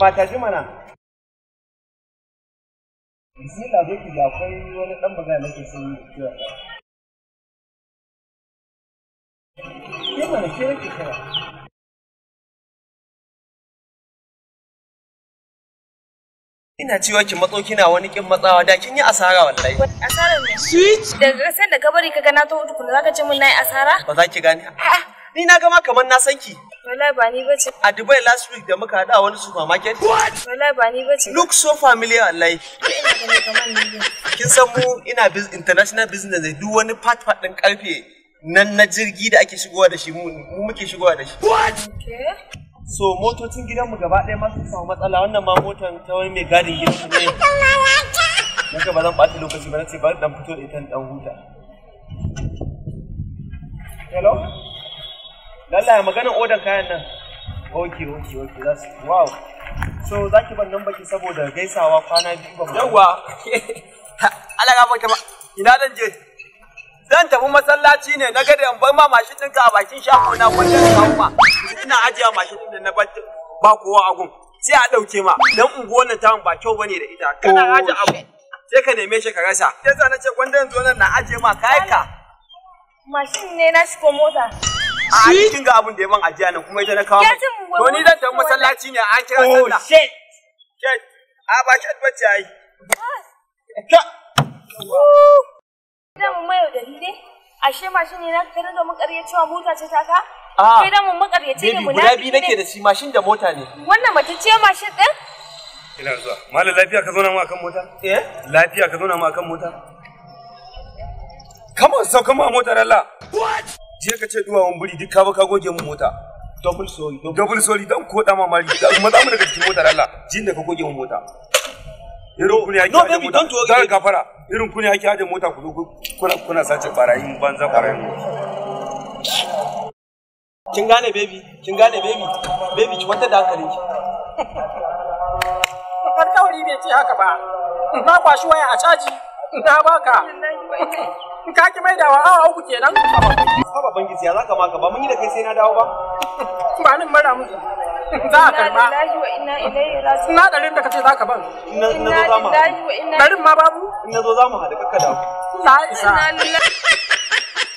mata ji mana bismillah zo da akwai wani dan magana nake son yi kiwa ke mana ke kira Ina cewa ki matso kina wani kin matsawa da kin yi asara wallahi. Asara ne. Switch. Daga san da ka bari ka gana ta hudu kun zaka ce mun nayi asara? Ba za ki gane. A'a, ni na gama kamar na san ki. Wallahi ba ni bace. A Dubai last week da muka hada wani supermarket. Wallahi ba ni bace. Look so familiar wallahi. Kin san mu ina international business ne duk wani part part din karfe nan na jirgi da ake shigowa da shi mu muke shigowa da shi. What? Okay. so motocin gidanmu gaba ɗaya masu samu matsala wannan ma motan ta wani mai gadin gidanmu ne na ba zan ɓata lokaci ba na ce ba dan fito da ita dan huta hello ya magana odan kayan nan ok ok ok that's wow so za ki ban nan baki saboda gaisawa kwana biyu ba yawa ala ga baka ina dan je zan tafi masallaci ne na ga in bar ma mashin ɗinka a bakin shago na kwanta da kawo ina ajiya mashin din na ba kowa a gun sai a ɗauke ma dan unguwar nan ta ba kyau bane da ita kana oh, aje abu sai ka neme shi ka rasa yasa na ce gwanda yanzu nan na aje ma kai ka mashin ne na shigo mota a cikin ga abun da ya man ajiya nan kuma ita na kawo to ni dan dan masallaci ne an kira oh, sallah oh shit a ba shi bacci ai ah. ka Ina mu mai da ashe mashin ne na kare domin ƙarya cewa mota ce ta ka? Kai da mun makaryaci ne mu guda biyu nake da shi mashin da mota ne. Wannan ce mashin din? Ina zuwa. Malam lafiya ka zauna mu akan mota? Eh? Lafiya ka zauna mu akan mota? Kamar sauka mu a motar Allah. What? Je ka ce duwawan buri duk ka ka goge mu mota. Double sorry. Double sorry dan ko da mamari. Kuma za mu daga cikin motar Allah. Jin da ka goge mu mota. irin kuni ake haje mota za gafara irin kuni ake haje mota ku kuna kuna sace barayin banza barayin kin gane baby kin gane baby baby ki wata da hankalin ki har kawari bai ce haka ba na kwashi waya a caji na baka in ka ki maidawa awa uku kenan haba bangiji ya zaka maka ba mun yi da kai sai na dawo ba ba nin mara mu za a karba na ɗarin da kace zaka ban na zo za mu ɗarin ma babu na zo za mu haɗu kakka dawo na isa